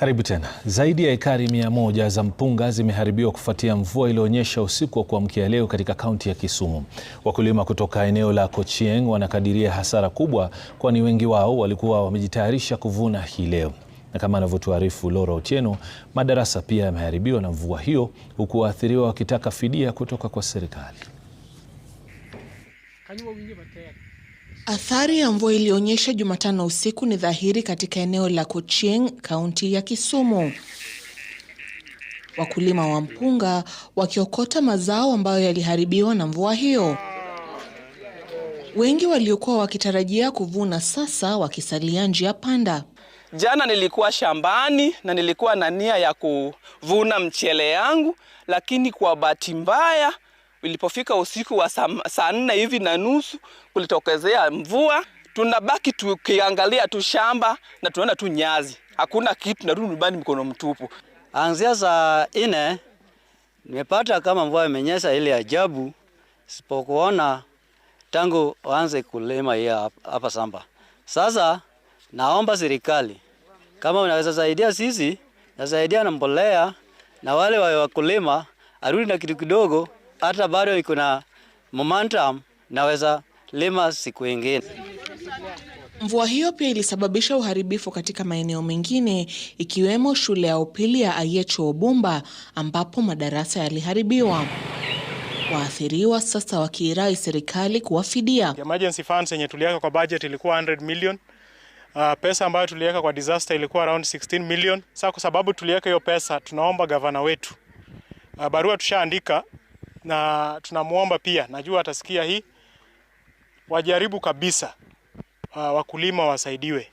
Karibu tena. Zaidi ya ekari mia moja za mpunga zimeharibiwa kufuatia mvua iliyoonyesha usiku wa kuamkia leo katika kaunti ya Kisumu. Wakulima kutoka eneo la Kochieng wanakadiria hasara kubwa, kwani wengi wao walikuwa wamejitayarisha kuvuna hii leo. Na kama anavyotuarifu lora Otieno, madarasa pia yameharibiwa na mvua hiyo, huku waathiriwa wakitaka fidia kutoka kwa serikali. Athari ya mvua ilionyesha Jumatano usiku ni dhahiri katika eneo la Kochieng, kaunti ya Kisumu. Wakulima wa mpunga wakiokota mazao ambayo yaliharibiwa na mvua hiyo. Wengi waliokuwa wakitarajia kuvuna sasa wakisalia njia panda. Jana nilikuwa shambani na nilikuwa na nia ya kuvuna mchele yangu, lakini kwa bahati mbaya Ilipofika usiku wa saa nne hivi na nusu, kulitokezea mvua. Tunabaki tukiangalia tu shamba na tunaona tu nyazi, hakuna kitu, narudi nyumbani mkono mtupu. Anzia saa nne nimepata kama mvua imenyesha ile ajabu, sipokuona tangu waanze kulima hii hapa samba. Sasa naomba serikali kama unaweza saidia sisi, nasaidia na mbolea na wale wa wakulima arudi na kitu kidogo hata bado iko na momentum, naweza lima siku ingine. Mvua hiyo pia ilisababisha uharibifu katika maeneo mengine ikiwemo shule ya upili ya Ayecho Obumba ambapo madarasa yaliharibiwa. Waathiriwa sasa wakiirai serikali kuwafidia. Emergency funds yenye tuliweka kwa budget ilikuwa 100 million. Uh, pesa ambayo tuliweka kwa disaster ilikuwa around 16 million. Sasa kwa sababu tuliweka hiyo pesa, tunaomba gavana wetu, uh, barua tushaandika na tunamwomba pia, najua atasikia hii, wajaribu kabisa uh, wakulima wasaidiwe.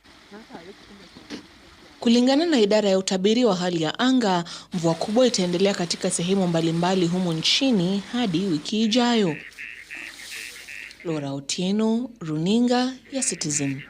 Kulingana na idara ya utabiri wa hali ya anga, mvua kubwa itaendelea katika sehemu mbalimbali humu nchini hadi wiki ijayo. Laura Otieno, Runinga ya Citizen.